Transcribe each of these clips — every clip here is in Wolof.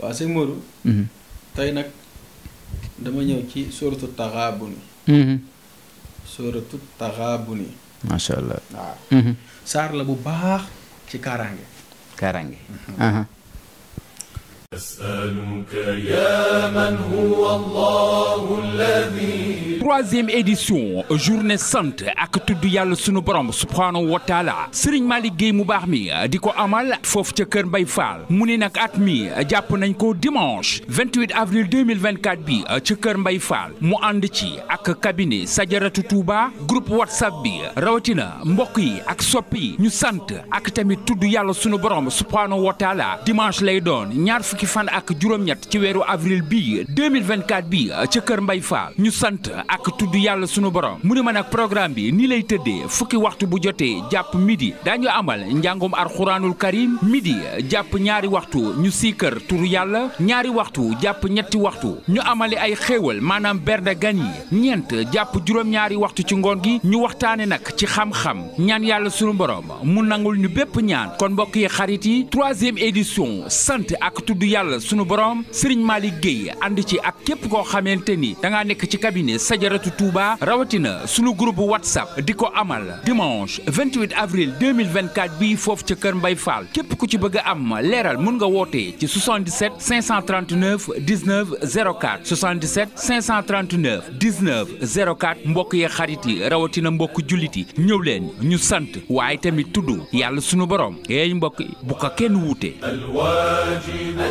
waaw sëñ Modou mm-hmm. tey nag dama ñëw ci sóoratu taxaabuni mm-hmm. sóoratu taxaabuni macha allah waaw mm-hmm. saar la bu baax ci kaaraange kaaraange uh-huh. troisième édition journée sant ak tudd yàlla sunu borom subhaanahu wa taala Serigne Malick Gueye mu baax mi di ko amal foofu ca Kër Mbay Fall mu ne nag at mi jàpp nañ ko dimanche 28 avril 2024 bi ca Kër Mbay Fall mu ànd ci ak cabinet Sajaratu Touba grup whatsapp bi rawatina mbokk yi ak soppi yi ñu sant ak tamit tudd yàlla sunu borom subhaanahu wa dimanche lay doon ñaar fukki fan ak juróom-ñett ci weeru avril bii 2024 bi ca Kër Mbay Fall ñu sant ak tudd yàlla sunu borom mu ne ma nag programme bi nii lay tëddee fukki waxtu bu jotee jàpp midi daañu amal njàngum alxuraanul karim midi jàpp ñaari waxtu ñu siikër turu yàlla ñaari waxtu jàpp ñetti waxtu ñu amali ay xéewal maanaam bernde gan yi ñeent jàpp juróom-ñaari waxtu ci ngoon gi ñu waxtaane nag ci xam-xam ñaan yàlla sunu borom mu nangul ñu bépp ñaan kon mbokk xarit yi troisième édition sant ak tudd kaddu yàlla sunu borom Serigne Malick liggéey ànd ci ak képp koo xamante ni da ngaa nekk ci cabinet Sadiaratou Touba rawatina sunu groupe whatsapp di ko amal dimanche 28 avril 2024 bii foofu ca Kër Mbay faal képp ku ci bëgg a am leeral mun nga wootee ci 77 539 19 04 77 539 19 04 mbokk yi xarit yi rawatina mbokk jullit yi ñëw leen ñu sant waaye tamit tudd yàlla sunu borom yeey mbokk bu ko kenn wuute.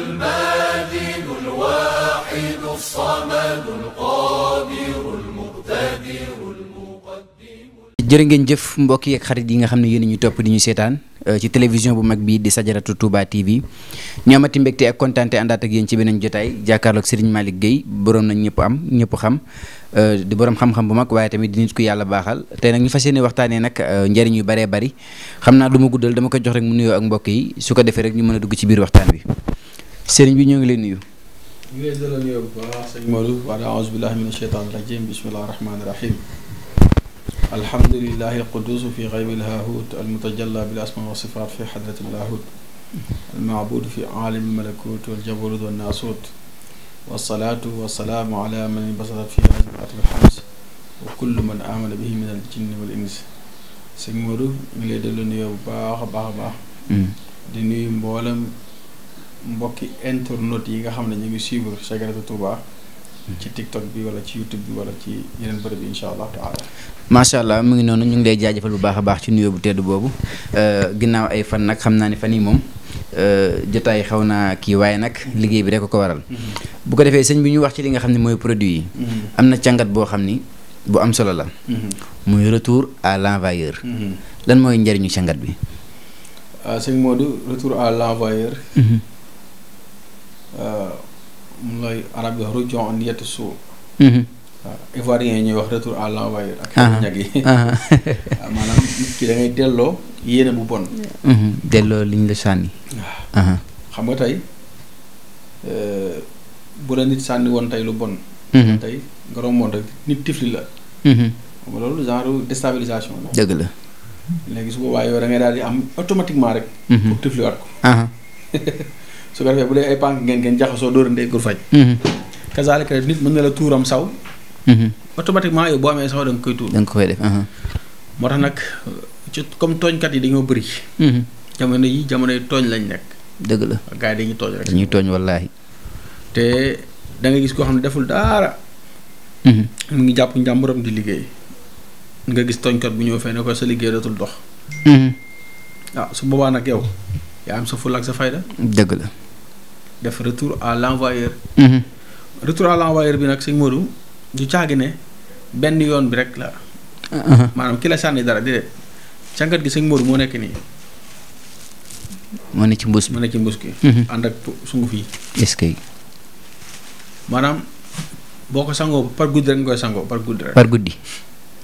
الماجد الواحد الصمد القادر المقتدر المقدم jërë ngeen jëf mbokk yi yi nga xam ne yéen ñu topp di ñu seetaan euh, ci télévision bu mag bii di Sadiaratou Touba TV ñu amati mbégte ak kontaante àndaat ak yéen ci beneen jotaay jàkkaarloog Serigne Malick Guèye borom na ñëpp am ñëpp xam euh, di borom xam-xam bu mag waaye tamit di nit ku yàlla baaxal tey nag ñu fas yéene waxtaanee nag euh, njëriñ yu bëree bëri xam naa du ma guddal dama ko jox rek mu nuyoo ak mbokk yi su ko defee rek ñu mën a dugg ci biir waxtaan wi. sëriñ bi ñoo ngi lay nuyu. ñu ngi lay dalal nuyu bu baax sëñ Modou wa a'uuzu billahi mina shaytaani rajiim bismillahi rahmaani rahiim alhamdulillahi alquduusu fi xaybil haahut almutajalla bil asmaa wa sifaat fi xadratil laahut almaabudu fi aalami malakut waljabarut wannaasut wasalaatu wasalaamu ala man basarat fi atil xams wa kullu man amana bihi min al jinni wal ins sëñ Modou ñu ngi lay dalal nuyu bu baax a baax a baax hmm. di nuyu mboolem mbokki internautes yi nga xam ne ñu ngi suivre Secret Touba hmm. ci TikTok bi wala ci YouTube bi wala ci yeneen bërëb yi incha allah taala macha allah mu ngi noonu ñu ngi lay jaajëfal bu baax a baax ci nuyoo bu tedd boobu euh, ginnaaw ay fan nag xam naa ne fan yi moom euh, jotaay xaw naa kii waaye nag liggéey bi rek ko waral. Hmm. bu ko defee sëñ bi ñu wax ci li nga xam ne mooy produit yi. Hmm. am na càngat boo xam ni bu am solo la. muy retour à l'envoyeur. lan mooy njëriñu càngat bi. Euh, sëñ Modou retour Euh, mu lay arab yi rujon an yetti suu waaw mhm. euh, yi ñuy wax retour à l'envoyeur ak ñag yi euh, bu bon mhm. delloo liñ la sànni xam nga tey bu la nit sànni woon tey lu bon mhm. tey nga romboon rek nit tifli la xam loolu genre déstabilisation la dëgg la léegi su boobaa yow da daal di am automatiquement rek pour tifliwaat ko su ko defee bu dee ay pànk ngeen ngeen jaxasoo dóorandee gur faj mhm. kasaalika nit mën na la tuuram saw mhm. automatiquement yow boo amee saw da nga koy tuur da nga koy def uh-huh. moo tax nag ci comme tooñkat yi dañoo bëri mhm. jamono yi jamono yi tooñ lañ nekk dëgg la gars yi dañuy tooñ rek dañuy tooñ wallaahi te da gis koo xam ne deful daara mu ngi jàpp njàmburam di liggéey nga gis tooñkat bu ñëw fee ne ko sa liggéey dootul dox waaw ah, su boobaa nag yow yaa am sa ful ak sa fayda dëgg la def retour à l'envoyeur mhm. retour à l'envoyeur bi nag sëñ Modou du caagi ne benn yoon bi rek la mhm. maanaam ki la sànni dara déedéet càngat gi sëñ Modou moo nekk nii moo ne ci mbuus moo ne ci mbuus gi mhm. ànd ak sunguf yi est-ce maanaam boo ko sangoo par guddi rek nga koy sangoo par guddi rek par guddi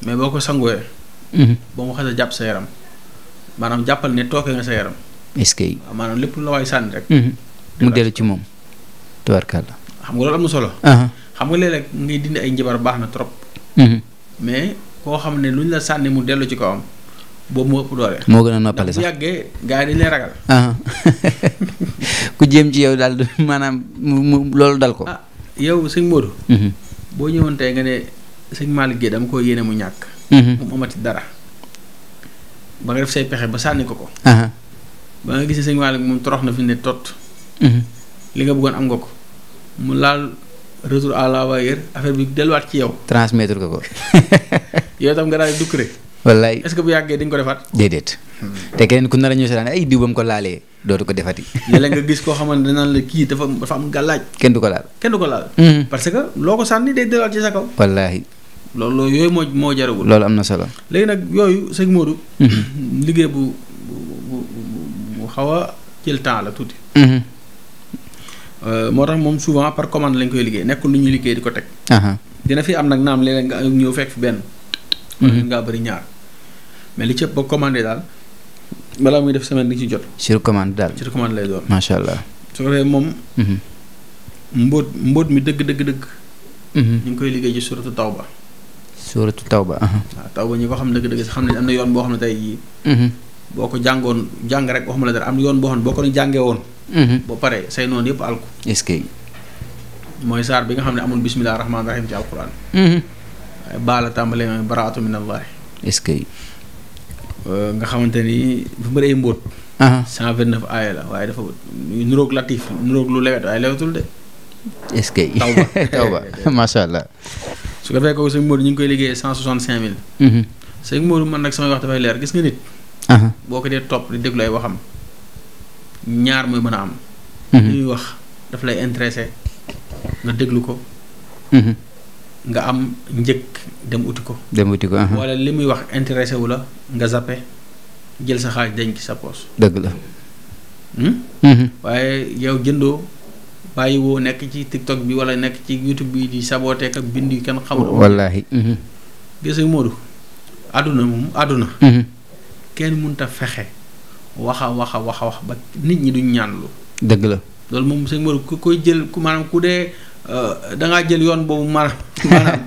mais boo ko sangoowee ba mu xasee jàpp sa yaram maanaam jàppal ne tooke nga sa yaram est maanaam lépp lu la waay sànni rek mu dellu ci moom tubarkàlla. xam nga loolu am na solo. Uh-huh. xam nga léeg-léeg ngay dindi ay njabar baax na trop. Mm-hmm. mais koo xam ne luñ la sànni mu dellu ci kawam boobu moo ëpp doole. moo gën a noppale sax bu yàggee gars yi dañ lay ragal. Uh-huh. ku jéem ci maanaam mu loolu dal ko. Ah, yow sëñ Modou. Mm-hmm. boo ñëwoon nga ne sëñ Malick Guèye dama ko yéene mu ñàkk. Mm-hmm. mu amati dara. ba nga def say pexe ba sànni ko ko. Uh-huh. ba nga gis ne sëñ moom torox na fi ne tot. Mm-hmm. li nga buggoon am nga ko mu laal retour à l'envoyeur affaire bi delluwaat ci yow. transmettre ko ko. yow tam nga daal dukk rek. wallaay est-ce que bu yàggee dañ ko defaat. déedéet hmm. te keneen ku nar a ñëw si daan ay diw ba mu ko laalee dootu ko defati. léeg la nga gis koo xamante ne naan la kii dafa dafa am gàllaaj. kenn du ko laal kenn du ko laal. Hmm. parce que loo ko sànni day delluwaat ci sa kaw. wallaahi. loolu loolu yooyu moo moo jaragul. loolu am na solo. léegi nag yooyu sëñ Modou. Hmm. liggéey bu bu xaw a jël temps la tuuti. Euh, moo tax moom souvent par commande lañ koy liggéey nekkul lu ñuy liggéey di ko teg. dina fi am nag naam léeg-léeg nga ñëw fekk fi benn. wala mhm. ngaa bari ñaar mais li ci ëpp daal balaa muy def semaine di ci jot. sur commande daal sur commande lay doon. macha allah su moom. Mhm. mbóot mbóot mi dëgg dëgg mhm. ñu ngi koy liggéey ci suratu tawba. suratu tawba. waaw tawba ñi ko xam dëgg dëgg sax xam ne am na yoon boo xam ne tey jii. boo ko jàngoon jàng rek waxuma a dara am yoon boo xam ne boo ko jàngee woon. Mm-hmm. ba pare say noonu yëpp alku est mooy saar bi nga xam ne amul bismillah rahmaani rahim ci alquran. waaye mm-hmm. baala tàmbalee baraatu minallahi est-ce euh, nga xamante ni dafa bëri ay mbóot. 129 uh-huh. aaya la waaye dafa nuroog latif nuroog lu lewet waaye lewetul de. est-ce tawba tawba macha allah. su ko defee kooku sëñ Modou ñu ngi koy liggéeyee 165000. Mm-hmm. sëñ Modou man nag samay wax dafay leer gis nga nit. Uh-huh. boo ko dee topp di déglu ay waxam. ñaar mooy mën a am li mhm. ñuy wax daf lay intéressé nga déglu ko mhm. nga am njëkk dem wuti ko dem uti ko uh-huh. wala li muy wax intéressé wu la nga zappe jël sa xaaj denc sa poos dëgg la hmm? mhm. waaye yow jëndoo bàyyi woo nekk ci tiktok bi wala nekk ci youtube bi di saboté ak bind yu kenn xamul wallaahi gis nga Modou àdduna moom àdduna kenn mënta fexe waxa waxa waxa wax ba nit ñi duñ ñaanlu. dëgg la loolu moom sëñ Mor ku koy jël ku maanaam ku dee euh, da ngaa jël yoon boobu maanaam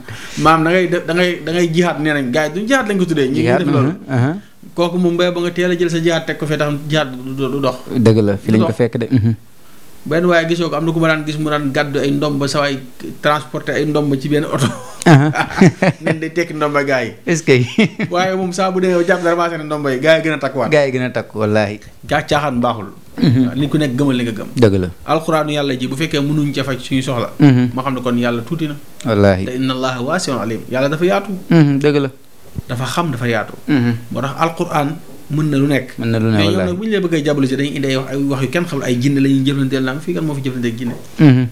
maanaam da ngay def da ngay da ngay jihaat nee nañ gars yi duñ jihaat lañ ko tuddee. jihaat ñu def uh-huh, uh-huh. loolu. kooku moom mbéy ba nga teel a jël sa jihaat teg ko fee tax jihaat du dox. dëgg la fi lañ ko fekk de. Mm-hmm. benn waaye gisoo ko am na ku ma daan gis mu daan gàddu ay ndomba sa waay transporté ay ndomba ci benn oto. nañ day tekki ndomba gaa yi. est-ce que. waaye moom saa bu dee yow jàpp dara maa seen ndomba yi gaa yi gën a takkuwaat. gaa yi gën a takku wallaahi. gaa caaxaan baaxul. Mhm. nit ku nekk gëmal li nga gëm. dëgg la alxuraanu yàlla ji bu fekkee mënuñ ca faj suñu soxla. Mhm. ma xam ne kon yàlla tuuti na. wallaahi te inna allaha waasiun alim yàlla dafa yaatu. Mhm, dëgg la. dafa xam dafa yaatu. mën na lu nekk. mën na lu nekk mais yow nag bu ñu la bëggee jàppale si dañuy indi ay wax ay wax yu kenn xamul ay jinne la ñuy la fii kan moo fi jëflanteeg jinne. Mm-hmm.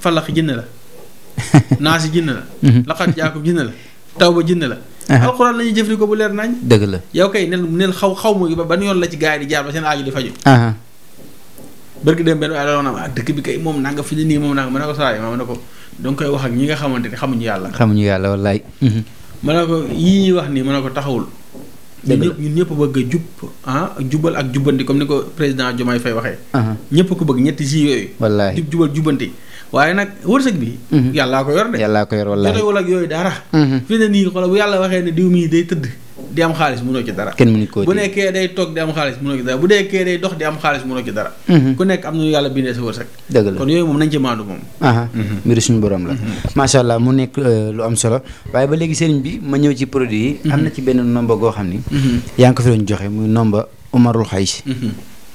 falax jinne la. la. Mm-hmm. laqat jaakub jinne la. tawba jinne la. Uh-huh. alxuraan la ñuy jëfandikoo bu leer nañ. dëgg la yow kay neen neen xaw xaw ma ban yoon la ci gars yi di jaar ba seen aaju di faju uh-huh. bërki dem benn waaye doon am ah bi kay moom nanga fi ne nii moom nanga ma ne saa yi ne ko danga koy wax ak ñi nga xamante ne xamuñu yàlla. xamuñu yàlla wallaay. Mm-hmm. ma ne ko yii ñuy wax nii ma ne ko taxawul. ñun ñëpp ñun ñëpp bëgg a jub ah jubal ak jubbanti comme ni ko président Diomaye Faye waxee. Uh-huh. ñëpp ko bëgg ñetti ji yooyu. wallaahi jub jubal jubbanti. waaye nag wërsëg bi. Uh-huh. yàllaa ko yor de. yàllaa ko yor wallaahi jotewul ak yooyu dara. Uh-huh. fi ne nii xoolal bu yàlla waxee ne diw mii day tëdd. di am xaalis mënoo ci dara kenn mënu ko bu nekkee day toog di am xaalis mënoo ci dara bu nekkee day dox di am xaalis mënoo ci dara mhm. ku nekk am na yàlla bindee sa wërsëg dëgg moom nañ mhm. mhm. euh, bi ma ñëw ci produit yi am na ci benn nombre goo xam ni yaa ngi ko fi doon joxe muy nombre Umarul Xays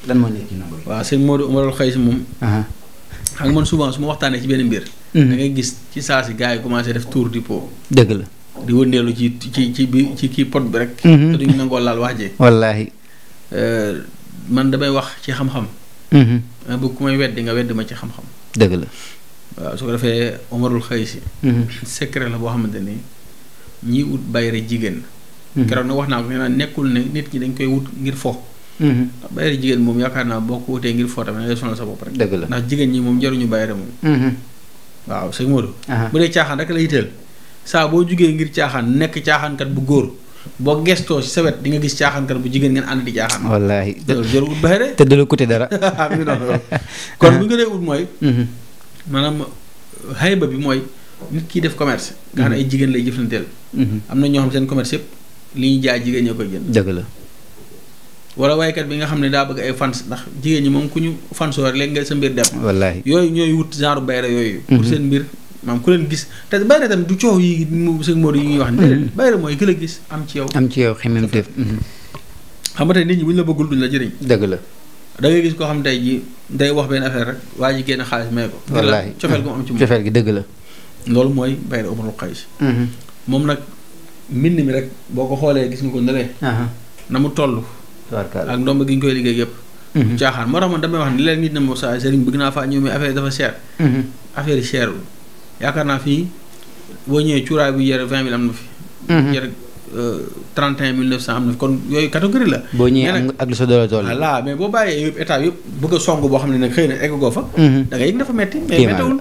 lan moo nekk ci nombre bi waaw sëñ Modou Umarul Xays moom xam nga man souvent su ma waxtaanee ci benn mbir da ngay gis ci saa si gars yi commencé def tour du pot dëgg la di wëndeelu ci ci ci bi ci kii pot bi rek. Mhm. te duñu nangoo laal waajee. wallaahi. Euh, man damay wax ci xam-xam. Mhm. ma bëgg ku may weddi nga weddi ma ci xam-xam. dëgg la. waaw su ko defee Omarul Xaysi. Mhm. secret la boo xamante ni ñiy ut bayre jigéen. keroog nag wax naa ko nee naa nekkul ne nit ñi dañ koy wut ngir fo. ndax bayre jigéen moom yaakaar naa boo ko wutee ngir fo tamit ngay sonal sa bopp rek. dëgg la ndax jigéen ñi moom jaruñu bayre moom. waaw sëñ Modou. bu dee caaxaan rek la yitteel. saa boo jugee ngir caaxaan nekk caaxaankat bu góor boo gestoo ci sa wet di nga gis caaxaankat bu jigéen ngeen ànd di caaxaan. wallaahi jël ut baaxee de. te du la coûté dara. Ah, kon bu ñu ko dee ut mooy. Mm-hmm. maanaam xayba bi mooy nit kiy def commerce. nga xam ne ay jigéen lay jëflanteel. Mm-hmm. am na ñoo xam seen commerce yëpp li ñu jaay jigéen ñoo koy jënd. dëgg la. wala waykat bi nga xam ne daa bëgg ay fans ndax jigéen ñi moom ku ñu fansoo rek léegi nga sa mbir dem. wallaahi yooyu ñooy wut genre bayra yooyu. Mm-hmm. maam ku leen gis te bayre tam du coow yi sëñ Modou yi ñuy wax ni mm-hmm. bayre mooy ki a gis am ci yow am ci yow xemem def mm-hmm. xam nga tey nit bu la bëggul duñ la jëriñ dëgg la da ngay koo xam tey ji day wax benn affaire rek waa ji génn xaalis may ko wallaahi cofeel gu mu am ci moom gi dëgg la loolu mooy bayre umarul xayis mm-hmm. moom nag mbind mi rek boo ko xoolee gis nga ko nelee na mu toll ak ndomb gi ñu koy liggéey yëpp caaxaan moo tax man damay wax ni leen nit na moo sa sëriñ bëgg naa faa ñëw mais affaire dafa cher affaire yi yaakaar naa fi boo ñëwee cuuraay bu yére vingt mille am na fi. Mhm. yére euh, trente et un mille neuf cent am na fi kon yooyu catégorie la. boo ñëwee ak lu sa doole tool voilà mais boo bàyyee yëpp état yëpp bëgg a boo xam ne nag xëy na egg goo fa. Mhm. da ngay yëg dafa metti mais méttiwul.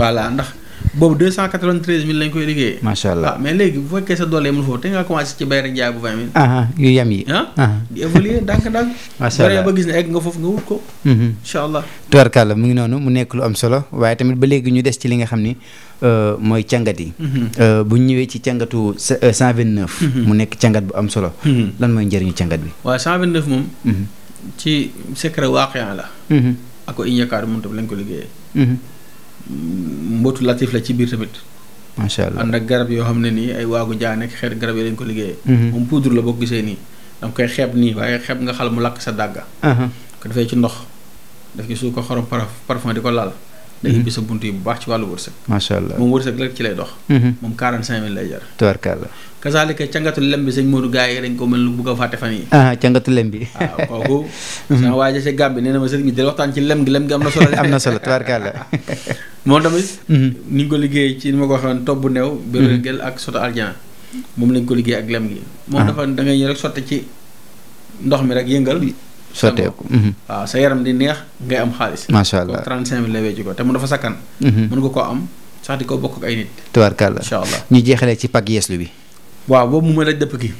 voilà ndax. boobu deux cent quatre vingt treize mille lañ koy liggéeyee. macha allah ah, mais léegi bu fekkee sa doole yemul foofu te nga commencé ci bay jaay bu vingt mille. yu yem yi. Ah, di évoluer ndànk-ndànk. macha ba gis ne egg nga foofu nga wut ko. Mhm. incha allah. tubarkàlla mu ngi noonu mu nekk lu am solo waaye tamit ba léegi ñu des ci li nga xam ni euh, mooy càngat yi. Mhm. Euh, bu ñu ñëwee ci càngatu euh, cent vingt neuf. Mhm. mu nekk càngat bu am solo. lan mooy njëriñu càngat bi. waaw cent vingt neuf moom. ci secret waaqi la. ak ko iñakaar moom tam lañ ko liggéeyee. mbootu latif la ci biir tamit. macha allah ànd ak garab yoo xam ne nii ay waagu jaa nekk xeet garab yi lañ ko liggéeyee. Mhm. moom poudre la boo gisee nii da nga koy xeeb nii waaye xeeb nga xal mu lakk sa dàgga. Mhm. ko defee ci ndox daf ci suuf ko xorom parfum di ko laal. day mhm. ubbi sa bunt yi bu baax ci wàllu wërsëg. macha allah moom wërsëg rek ci lay dox. moom 45000 lay jar. kasaalika cangatu lem bi sëñ Modou gaa yi dañ ko mel lu bugg a fàtte fan yi ah, cangatu lem bi waaw ah, kooku sama waaja si gàmbi nee ma sëriñ bi del waxtaan ci lem gi lem gi mhm. ko liggéey ci ni ko waxoon tobb mhm. ak soto aljana moom lañ ko liggéey ak lem gi moom ah. dafa da ngay sotte ci ndox mi rek yëngal sotteeku mhm. waaw sa yaram di neex ngay am xaalis macha allah trente cinq mille lay wecci ko te mu dafa sakkan mën nga koo am sax di ko bokk ak ay nit tubaarkàlla incha allah ñu jeexalee ci pàcc yeeslu bi waaw boobu mu ma daj dëpp kii.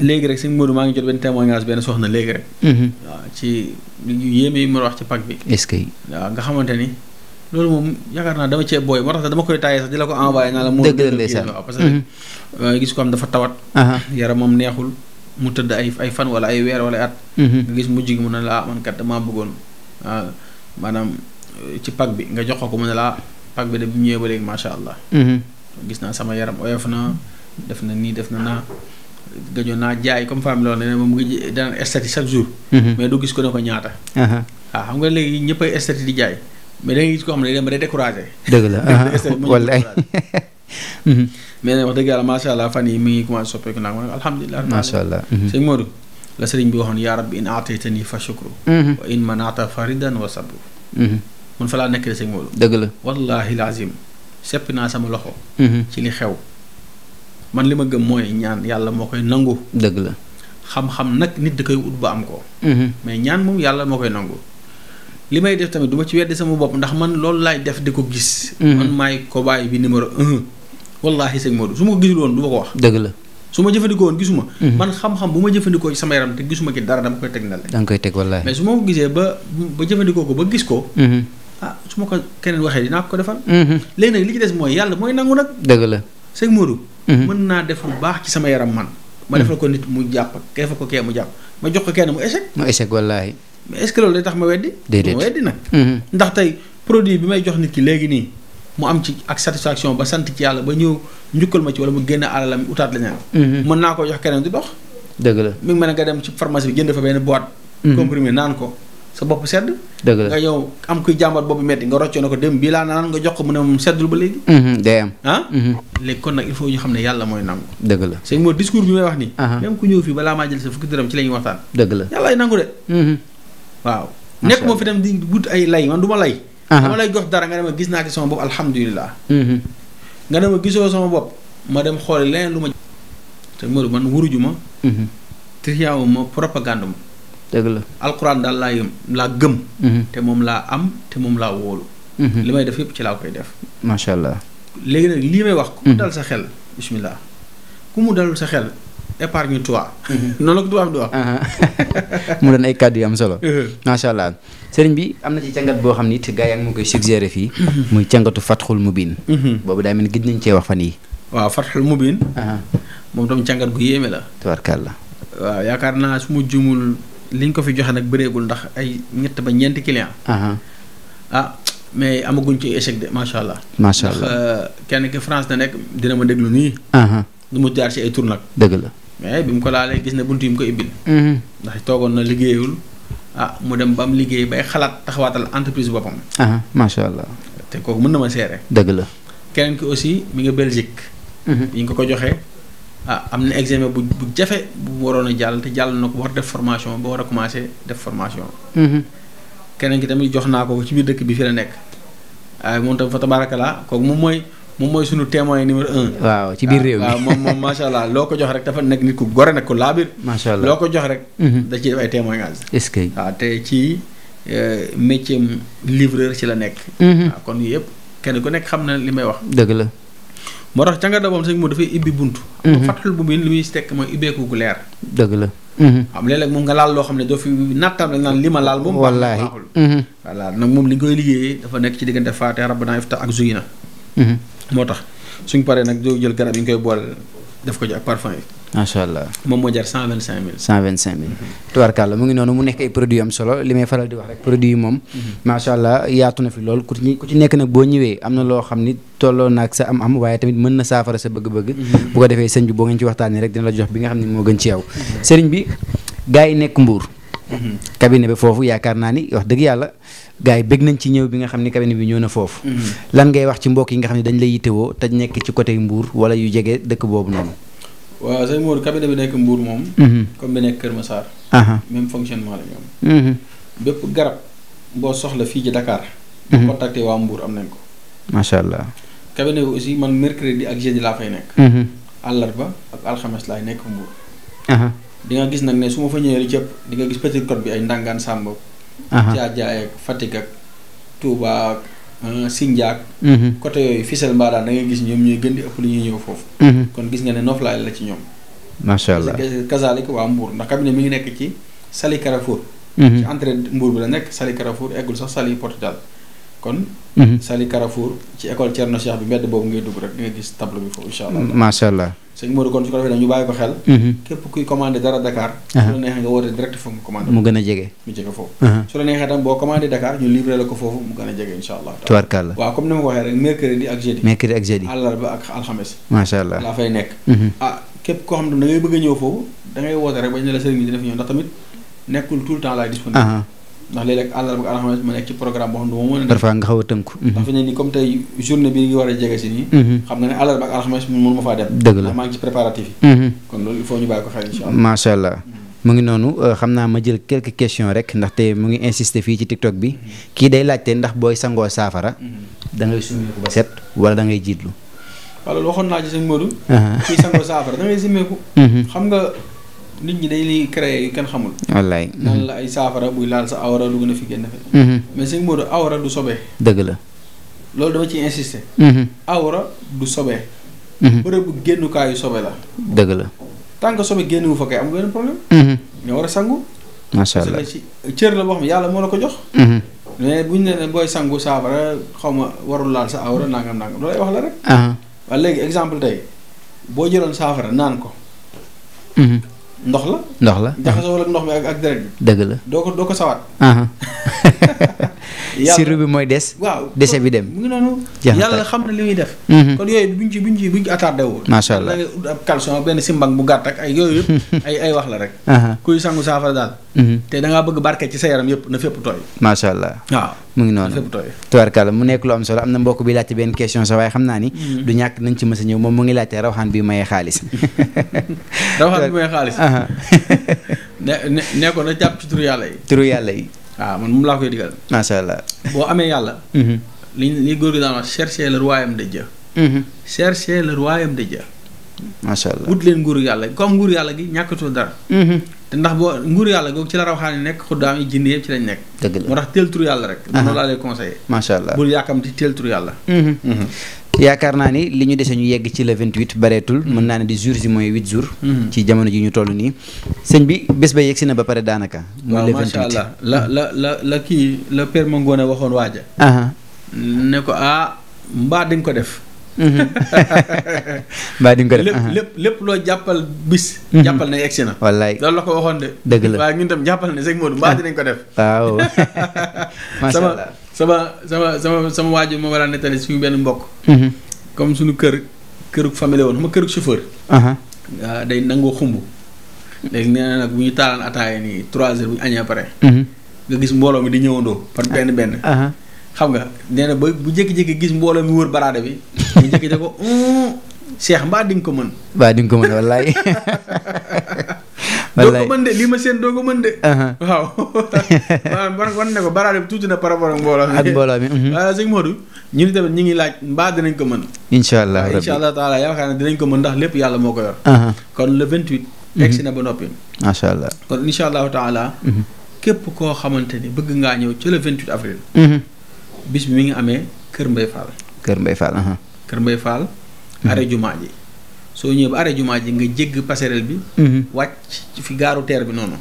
léegi rek sëñ Modou maa ngi jot benn témoignage benn soxna léegi rek. Mhm. waaw ci yéeme yi ma wax ci pag bi. est-ce waaw nga xamante ni loolu moom yaakaar naa dama cee booy moo tax dama koy taayee di la ko envoyé. naa la moo dëgg waaw parce que mhm. gis ko am dafa tawat. yaramam neexul mu tëdd ay ay fan wala ay weer wala at. Mhm. nga gis mujj gi mu na la ah man kat damaa bëggoon maanaam eh, ci pag bi nga jox ko ko mu ne la ah, pag bi de bu ñëwee ba léegi macha allah. gis naa sama yaram oyof na. def na nii def na naa gëjoon naa jaay comme femme loolu ne moom mu ngi daan estati chaque jour. Mhm. mais du gis ko ne ko ñaata. waaw ah, xam nga léegi ñëpp ay di jaay mais da ngay gis koo xam ne dem ba day découragé. dëgg la mhm. mais nag wax dëgg allah fan mi ngi commencé soppeeku naa ma alhamdulilah. macha allah mhm. sëñ Modou. la sëriñ bi waxoon yaa rabbi in aataytani fa shukru. wa in manata faridan wa sabru. mun fa laa nekk de sëñ Modou. dëgg la wallaahi lazim seppi naa sama loxo. ci li xew. man li ma gëm mooy ñaan yàlla moo koy nangu. dëgg la xam-xam nag nit da koy ut ba am ko. Mm-hmm. mais ñaan moom yàlla moo koy nangu. li may def tamit du ci weddi sama bopp ndax man loolu laay def di ko gis. Mm-hmm. man maay cobaye bi numéro un. wallaahi sëñ Modou su ma ko gisul du ma ko wax. dëgg la su ma jëfandikoo woon gisuma. Mm-hmm. man xam bu ma jëfandikoo ci sama yaram te gisuma ki dara dama koy teg na la. koy teg wallaahi. mais ma ko gisee ba ba jëfandikoo ko ba gis ko. ah ma ko keneen waxee dinaa ko defal. léegi nag des mooy yàlla mooy nangu nag. dëgg la sëñ Modou. Mhm. mën naa def lu baax ci sama yaram man. ma defal ko nit mu jàpp kee fa ko kee mu jàpp ma jox ko kenn mu échec. mu échec wallaahi. mais est-ce que day tax ma weddi. déedéet ma weddi nag. Mhm. ndax tey produit bi may jox nit ki léegi nii mu am ci ak satisfaction ba sant ci yàlla ba ñëw njukkal ma ci wala mu génn alalam utaat la ñaan. Mhm. mën naa ko jox keneen du dox. dëgg la mu ngi mën nga dem ci pharmacie bi jënd fa benn boîte. comprimé naan ko. sa bopp sedd. dëgg la nga yow am kuy jàmbat boobu metti nga roccoo na ko dem bii laa naan nga jox ko mu ne moom seddul ba léegi. Mhm, day am ah? mhm. léegi kon nag il faut ñu xam ne yàlla mooy nangu. dëgg la sëñ moo discours bi may wax nii. même ku ñëw fii balaa maa jël sa fukki dërëm ci la ñuy waxtaan. dëgg la yàlla ay nangu de. Mhm. waaw nekk moo fi dem di wut ay lay man du ma lay. dama lay jox dara nga dem gis naa ci sama bopp alhamdulilah. nga dem a gisoo sama bopp ma dem xooli leneen lu ma. sëñ Modou man wuruju ma. triyawu ma propagande ma. dëgg la alxuraan daal laa yëm laa gëm. Mhm. te moom laa am te moom laa wóolu. Mhm. li may def yëpp ci laa koy def. macha allah léegi nag lii may wax. ku mu mhm. dal sa xel bismillah ku mu dalul sa xel épargne toi. noonu la ko tubaab di wax. mu doon ay kàddu yu am solo. macha allah sëriñ bi am na ci càngat boo xam ni it gaa yaa ngi koy suggéré fii. muy càngatu fatxul mubin. boobu daa mel ni gis nañ cee wax fan yii. waaw fatxul mubin. moom tam càngat gu yéeme la. tubaarkàlla. waaw yaakaar naa liñ ko fi joxe nag bëreegul ndax ay ñett ba ñeenti client ah mais amaguñ ci échec de macha allah. macha allah ndax euh, kenn ki France na nekk dina ma déglu nii. du mu jaar ci ay tour nag. dëgg la mais bi mu ko laalee gis na bunt yi mu ko ibbil. Mhm. ndax toogoon na liggéeyul ah mu dem ba mu liggéey bay xalaat taxawaatal entreprise boppam. macha allah. te kooku mën na ma seere. dëgg la keneen ki aussi mi nga Belgique. yi mhm. nga ko ko joxee. ah am na examen bu bu jafe bu waroon a jàll te jàll na ko war def formation ba war a commencé def formation. Mhm. keneen ki tamit jox naa ko ci biir dëkk bi fi la nekk. waaye ah, moom tam fa tabaarakala kooku moom mooy moom mooy sunu témoin numéro un. waaw ci biir ah, réew mi waaw moom moom macha allah loo ko jox rek dafa nekk nit ku gore nag ku laabir. macha allah loo ko jox rek. Mhm. da ciy def ay waaw ah, te ci euh, métier livreur ci la nekk. waaw mhm. kon yëpp kenn ku nekk xam na li may wax. moo tax càngat boobu sëñ bi dafay ibbi buntu. Mhm. fatul bu biin li muy tekk mooy ibbeeku gu leer. dëgg la. Mhm. Mhm. xam léeg-léeg moom nga laal loo xam ne doo fi nattam naan li ma laal. moom wallaahi baaxul voilà nag moom li koy liggéeyee dafa nekk ci diggante Faatiha Rabbana Ifta ak Zuyna. moo tax suñ paree nag doo jël garab yi ñu koy boole def ko ci ak parfum yi. macha allah moom moo jar cent vingt cinq mille. cent vingt cinq mille. tubaarkàlla mu ngi noonu mu nekk ay produits am solo li may faral di wax rek produit yi moom. Mhm. macha allah yaatu na fi lool ku ci nekk nag boo ñëwee am na loo xam ni tolloo naag sa am-am waaye tamit mën na saafara sa bëgg-bëgg. Mhm. bu ko defee sëñ bi boo ngeen ci waxtaanee rek dina la jox bi nga xam ne moo gën ci yow. Mhm. sëriñ bi gaa nekk mbuur. cabinet bi foofu yaakaar naa ni wax dëgg yàlla gars yi bëgg nañ ci ñëw bi nga xam ne cabinet bi na foofu. lan ngay wax ci mbokk yi nga xam ne dañ lay yittewoo te nekk ci côté Mbour wala yu jege dëkk boobu noonu waaw sëñ Mour cabinet bi nekk Mbour moom. Mhm. comme bi nekk Kër Massar. même fonctionnement la ñoom. Mhm. bépp garab boo soxla fii ci Dakar. bu mhm. contacter waa Mbour am nañ ko. macha allah. cabinet bi aussi man mercredi ak jeudi laa fay nekk. àllarba ak alxames laay nekk Mbour. di gis nag ne su ma fa ñëwee li cëpp di nga gis Petite Côte bi ay Ndangaan Samba. Jaajaay ak ak Touba Euh, Sindiak. Mm-hmm. côté yooyu Fissel Mbadaan da gis ñoom ñooy gën di ëpp li ñuy ñëw foofu. Mm-hmm. kon gis nga ne noflaay la ci ñoom. macha allah kazaalika waa Mbour ndax cabinet mi ngi nekk ci Sali Carrefour. Mm-hmm. ci entrée Mbour bi la nekk Sali Carrefour eggul sax Sali Portudal. kon. Mhm. Sali Carrefour ci école Thierno Cheikh bi mbedd boobu ngay dugg rek nga gis tableau bi foofu incha allah. macha allah sëñ Modou kon su ko defee ñu bàyyi ko xel. Mhm. képp kuy commandé dara Dakar. su la neexee nga woote direct foofu mu gën a jege. mu jege foofu. su la neexee tam boo commandé Dakar ñu livré la ko foofu mu gën a jege incha allah. tubarkalla waaw comme ni ma ko waxee rek mercredi ak ak jeudi àllarba ak alxames. macha allah fay mhm. ah, ne a ndax léeg-léeg àllarba ak ma nekk ci programme boo xam ne ma a. parfois nga xaw a tënku. ndax mhm. a jege si nii. Mhm. ma faa mhm. mu ngi noonu euh, xam naa ma jël quelques questions rek ndaxte mu ngi insister fii ci TikTok bi kii day laajte ndax booy sangoo saafara. da ngay summeeku da ngay jiitlu. waaw loolu waxoon naa ci sëñ Modou. kii sangoo saafara da ngay xam nga nit ñi dañ lay créer yu kenn xamul. wallaay. nan mhm. la ay saafara buy laal sa awra lu gën a fi génn fi. Mhm. mais sëñ Modou awra du sobee. dëgg la. loolu dama ciy insister. Mhm. awra du sobee. bërëb génnukaayu sobe la. dëgg la. tant que sobe génn bu fa kay am benn problème. nga war a sangu. macha allah parce ci cër la boo xam yàlla moo la ko jox. mais bu ñu nee booy sangu saafara xaw ma warul laal sa awra nangam nangam loolay wax la rek. waaye léegi exemple boo jëloon saafara naan ko. ndox la ndox la jaxasoo ak ndox mi ak dëgg la doo ko doo ko sawaat siru bi mooy des waaw dese bi dem mu ngi noonu yàlla xam na li muy def mhm. kon yooyu buñ ci bu ci buñ ci attardé woo macha allah ab calcium benn simbang bu gàtt ak ay yooyu yëpp ay wax la rek kuy sangu saafara daal mhm. te da ngaa bëgg barke ci sa yaram yëpp na fépp tooy macha allah waaw mu ngi noonu tubaarkàlla mu nekk lu am solo am na mbokk bi laajte benn question sax waaye xam naa ni mm-hmm. du ñàkk nañ ci mës a ñëw moom mu ngi laajte rawxaan bi maye xaalis rawxaan bi maye xaalis ne ne ko na jàpp ci turu yàlla yi turu yàlla yi waaw ah, man moom laa koy digal macha allah boo amee yàlla mm-hmm. li li góor gi daan wax la le am de Dieu chercher le royaume de Dieu mm-hmm. macha allah wut leen nguuru yàlla comme nguuru yàlla gi ñàkkatul dara te ndax boo nguur yàlla googu ci la rawxaan yi nekk xuddaam yi jinne yëpp ci nekk. moo tax teel yàlla rek. noonu laa lay conseillé. macha allah bul yàkkamti teel yàlla. Mhm. Mhm. yaakaar naa ni li ñu dese ñu yegg ci le bareetul mhm. mën naa ne di jours mooy 8 ci jamono ji ñu toll nii sëñ bi bés ba yegg si na ba pare daanaka. muy le la la la la kii la père waxoon waaja. ne ko ah mbaa di nga ko def. Mm-hmm. mbaa di nga ko def lépp uh-huh. lépp loo jàppal bis. Mm-hmm. jàppal na egsi na. wallaay loolu la ko waxoon de. dëgg la waaye ñun tam jàppal ne sëñ Modou mbaa dinañ ko def. waaw macha allah sama sama sama sama waajur ma war a nettali suñu benn mbokk. Mm-hmm. comme suñu kër këruk famille woon xam nga këruk chauffeur. Uh-huh. day nangoo xumb. léegi nee nag bu ñu taalaan ataaya nii trois heures bu añee pare. nga gis mbooloo mi di ñëwandoo par benn benn. Uh-huh. xam nga nee ba bu jékki-jékki gis mbooloo mi wër baraada bi mu jékki-jékki ko Cheikh mbaa di nga ko mën. mbaa di nga ko mën wallaay. wallaay doo ko mën de lii ma seen doo ko mën de. Uh-huh. waaw maanaam war ne ko baraada bi tuuti na par rapport ak mbooloo mi. ak mbooloo mi. Uh-huh. ñu ni tamit ñu ngi laaj mbaa dinañ ko mën. incha allah rabbi incha allah taala yaakaar dinañ ko mën ndax lépp yàlla moo ko yor. Uh-huh. kon le 28. egg si na ba noppi. macha allah kon incha allahu taala. képp koo xamante ni bëgg ngaa ñëw ci la 28 avril. bis bi mi ngi amee Kër Mbay Fall. Kër Mbay Fall. Uh-huh. Kër Mbay Fall. Uh-huh. arrêt jumaa ji soo ñëwee ba arrêt jumaa ji nga jégg passerelle bi. Uh-huh. wàcc fi gaaru teer bi noonu.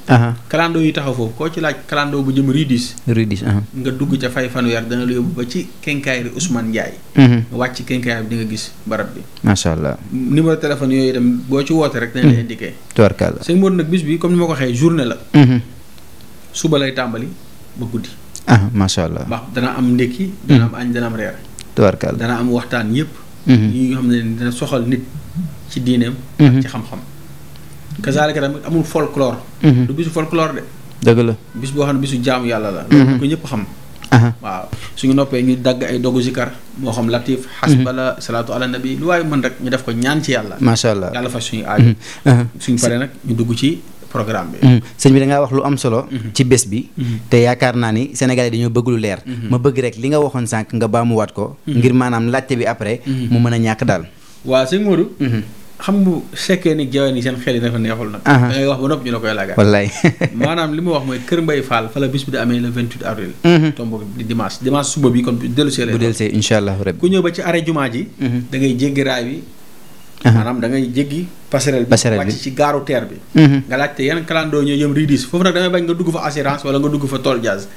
kalandoo yi taxaw foofu koo ci laaj kalandoo bu jëm Ridis. Ridis. nga dugg ca fay fanweer dana la yóbbu ba ci kenkaayri Ousmane Ndiaye. nga wàcc kenkaayri bi di nga gis barab bi. macha allah numéro téléphone yooyu itam boo ci woote rek. danañ la indiqué. tubarkalla sëñ Modou nag bis bi comme ni ma ko waxee journée la. suba lay tàmbali ba ah macha allah baax dana am ndékki dana am hmm. añ dana am reer tubarkaal dana am waxtaan yëpp hmm. yi nga xam ne dina soxal nit ci diineem hmm. ci xam-xam kasaalika tamit amul folklore du bisu folklore de dëgg la bis boo xam ne bisu jaamu yàlla la loolu ko ñëpp xam waaw suñu noppee ñu dagg ay dogu zikar moo xam latif xasbala salaatu ala nabi lu waaye mën rek ñu def ko ñaan ci yàlla macha allah yàlla faj suñu aaju suñ paree nag ñu dugg ci programme bi. Mhm. sëñ bi da ngaa wax lu am solo. Mhm. ci bés bi. Mhm. te yaakaar naa ni Sénégalais dañoo bëgg lu leer. ma bëgg rek li nga waxoon sànq nga baamuwaat mu mën a ñàkk daal. maanaam li ma wax mooy Kër Mbaye Fall fa la bis bi di amee le 28 avril. tomboog di dimanche dimanche suba bi kon bu dellusee lay. bu dellusee incha allah ku ñëw ba ci arrêt jumaa ji. da ngay raay bi. maanaam da ngay jéggi passerelle bi wàcc ci gaaru terre bi mhm. nga laajte yan kalandoo ñoo jëm ridis foofu nag damay bañ nga dugg fa assurance wala nga dugg fa tool jazz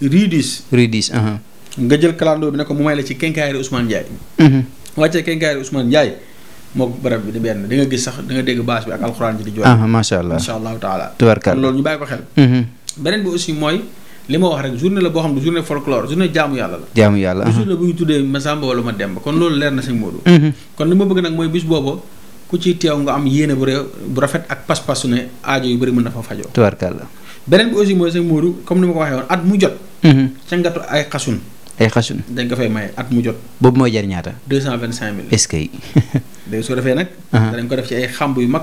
ridis nga jël kalandoo bi ne ko mu may la ci kenkaayari Ousmane Ndiaye mhm. wàccee kenkaayari Ousmane Ndiaye mook barab bi di benn di gis sax di dégg baas bi ak alxuraan ji di jooy macha allah taala tubarkalla ñu bàyyi ko xel mhm. beneen bi aussi mooy li ma wax rek journée la boo xam ne journée folklore journée jaamu yàlla la. jaamu yàlla toujours uh-huh. la bu ñu tuddee ma sàmba wala ma demb kon loolu leer na sëñ Modou. Uh-huh. kon li ma bëgg nag mooy bis boobu ku ci teew nga am yéene bu réew bu rafet ak pas-pasu ne aajo yu bëri mën na fa fajoo. tubaarkàlla beneen bi aussi mooy sëñ Modou comme ni ma ko waxee woon at mu jot. Uh-huh. ca ngatu ay xasun. ay xasun dañ ko fay maye at mu jot. boobu mooy jar ñaata. deux cent vingt cinq mille. est-ce que. soo defee nag. danañ ko def ci yu mag.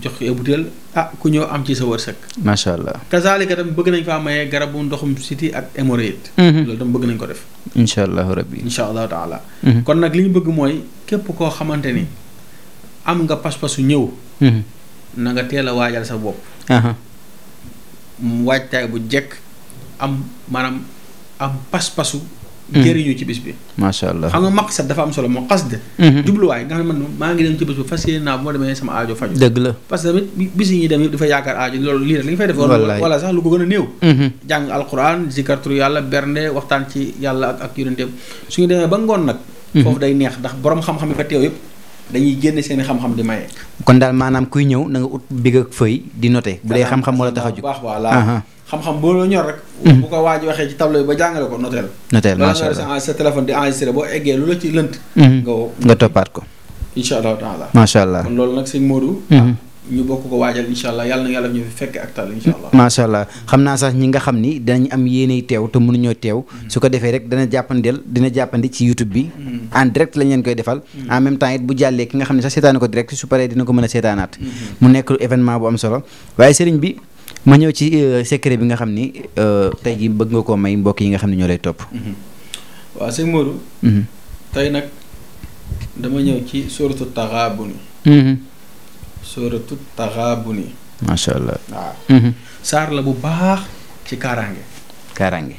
jox ko butéel ah ku ñëw am ci sa wërsëg. macha allah kazaalika tam bëgg nañ faa maye garabu ndoxum siti ak hémorroïde. Mhm. loolu tam bëgg nañ ko def. incha allahu rabbi incha allahu taala. Mhm. kon nag li ñu bëgg mooy képp koo xamante ni am nga pas-pasu ñëw. Mhm. na nga a waajal sa bopp. mu waajtaay bu jekk am maanaam am pas-pasu. Hmm. jëriñu ci bis bi macha allah xam nga maqsad dafa am solo moo hmm. jubluwaay nga xam ne maa ngi dem ci bis bi fas yéene naa bu ma demee sama aajo faju dëgg la parce bis yi ñuy dem yëpp dafa yaakaar aajo lii rek li nga fay def wala sax lu ko gën a néew hmm. jàng alquran zikartu yàlla bernde waxtaan ci yàlla ak ak yonenteem suñu demee ba ngoon nag foofu day neex ndax borom xam-xam yi fa teew yëpp dañuy génne seen xam-xam di maye kon daal maanaam kuy ñëw na a xam-xam boo la ñor rek. Mm-hmm. bu ko waaj waxee ci tableau yi ba jàngale ko noteel. noteel macha allah sa téléphone di enregistré boo eggee lu la ci lënt. Mm-hmm. nga toppaat ko. incha allahu taala macha allah kon loolu nag sëñ mm-hmm. ah, ñu bokk ko waajal incha allah yàlla na yàlla ñu fi fekk ak tal incha allah. macha nga xam ni danañ am yéenay teew te mënuñoo teew. su ko defee rek dana jàppandeel dina jàppandi ci bi. en direct lañ leen defal. en même temps it bu jàllee ki nga xam ne a seetaanaat. mu nekk événement bu am solo waaye sëriñ bi ma ñëw ci euh, secret bi nga xam ni euh, tey jii bëgg nga koo may mbokk yi nga xam ne ñoo lay topp. Mhm. waaw sëñ Modou. Mhm. tey nag dama ñëw ci sóoratu taxaabuni. Mhm. sóoratu taxaabuni. saar la bu baax ci kaaraange. kaaraange.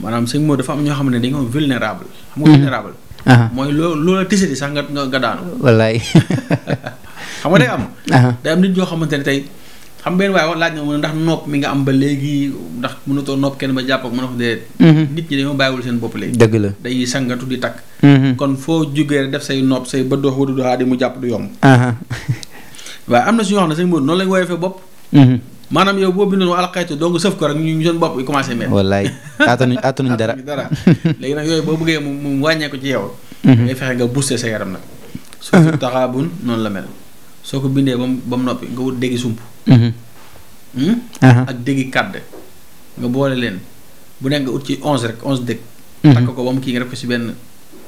maanaam sëñ dafa am ñoo xam ne dañoo vulnérable. xam mooy loo loola tisati sax nga nga daanu. wallaay. xam nga day am. day am nit ñoo xamante ne tey xam benn waaye wax laaj na ma ndax nopp mi nga am ba léegi ndax mënatoo nopp kenn ba jàpp ak mën a wax déedéet. Mhm. nit ñi dañoo bàyyiwul seen bopp léegi. dëgg la day sangatu di takk. Mhm. kon foo jógee rek def say nopp say bët dox wadu doxaa di mu jàpp du yomb. waaye am na suñu xam ne sëñ Modou noonu lañ woyofee bopp. Mhm. maanaam yow boo bindoon alxaytu donc sëf ko rek ñu ñu seen bopp yi commencé mel. wallaay attanuñ attanuñ dara dara léegi nag yooyu boo bëggee mu mu wàññeeku ci yow. ngay fexe nga booster sa yaram nag. surtout taxaabun noonu la mel. soo ko bindee ba mu ba mu noppi nga wut déggi sump mhm. hmm? ak déggi kàdd nga boole leen bu nekk nga ut ci onze rek onze dëkk mhm. takk ko ba mu kii nga def ko si benn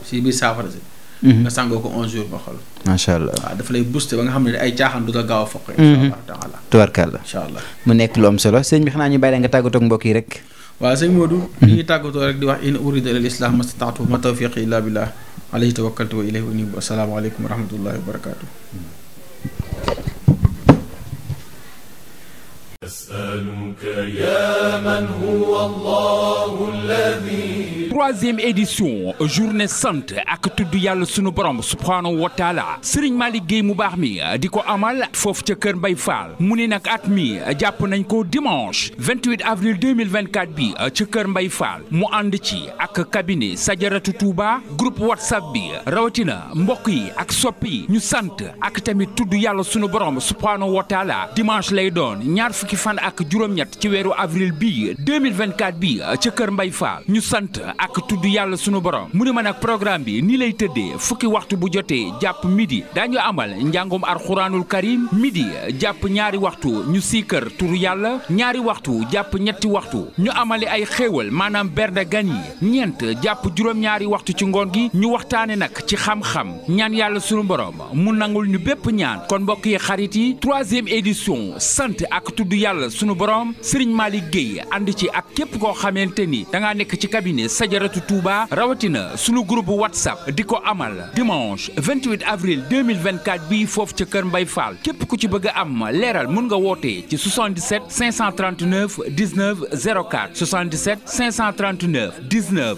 si biir saafara si mhm. nga sàngoo ko onze jours nga xool macha allah waaw dafa lay booster ba nga xam ne ay caaxaan du la gaaw a foq tubarkalla incha allah mu nekk lu am solo sëñ bi xanaa ñu bàyyi la nga tàggatoo ak mbokk yi rek waaw sëñ Modou ñu ngi tàggatoo rek di wax in urida ilal islam mastataatu ma tawfiqi illa billah alayhi tawakkaltu wa ilayhi unib asalaamaaleykum wa rahmatullahi wa نسألك يا من هو الله الذي troisième édition journée sant ak tudd yàlla sunu borom subhaanahu wa taala Serigne Malick Guèye mu baax mi di ko amal foofu ca Kër Mbay Fall mu ne nag at mi jàpp nañ ko dimanche 28 avril 2024 bi ca Kër Mbay Fall mu ànd ci ak cabinet Sajaratu Touba groupe whatsapp bi rawatina mbok yi ak soppi yi ñu sant ak tamit tudd yàlla sunu borom subhaanahu wa taala dimanche lay doon ñaar fukki fan ak juróom-ñett ci weeru avril bi 2024 bi ca Kër Mbay Fall ñu sant ak tudd yàlla sunu borom mu ne ma nag programme bi nii lay tëddee fukki waxtu bu jotee jàpp midi daañu amal njàngum alxuraanul karim midi jàpp ñaari waxtu ñu siikër turu yàlla ñaari waxtu jàpp ñetti waxtu ñu amali ay xéewal maanaam bernde gan yi ñeent jàpp juróom-ñaari waxtu ci ngoon gi ñu waxtaane nag ci xam-xam ñaan yàlla sunu borom mu nangul ñu bépp ñaan kon mbokk yi xarit yi troisième édition sant ak tudd yàlla sunu borom Serigne Malick Gueye ànd ci ak képp koo xamante ni Ajaratu Touba rawatina sunu groupe WhatsApp di ko amal dimanche 28 avril 2024 bii foofu ca Kër Mbay Fall képp ku ci bëgg a am leeral mun nga woote ci 77 539 19 04 77 539 19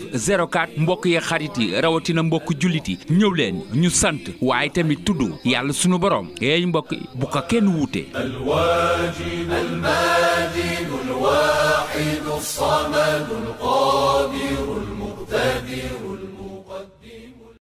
04 mbokk yi xarit yi rawatina mbokk jullit yi ñëw leen ñu sant waaye tamit tudd yàlla sunu borom yeey mbokk bu ko kenn wuute. الواجد الماجد الواحد الصمد القادر فبوحدك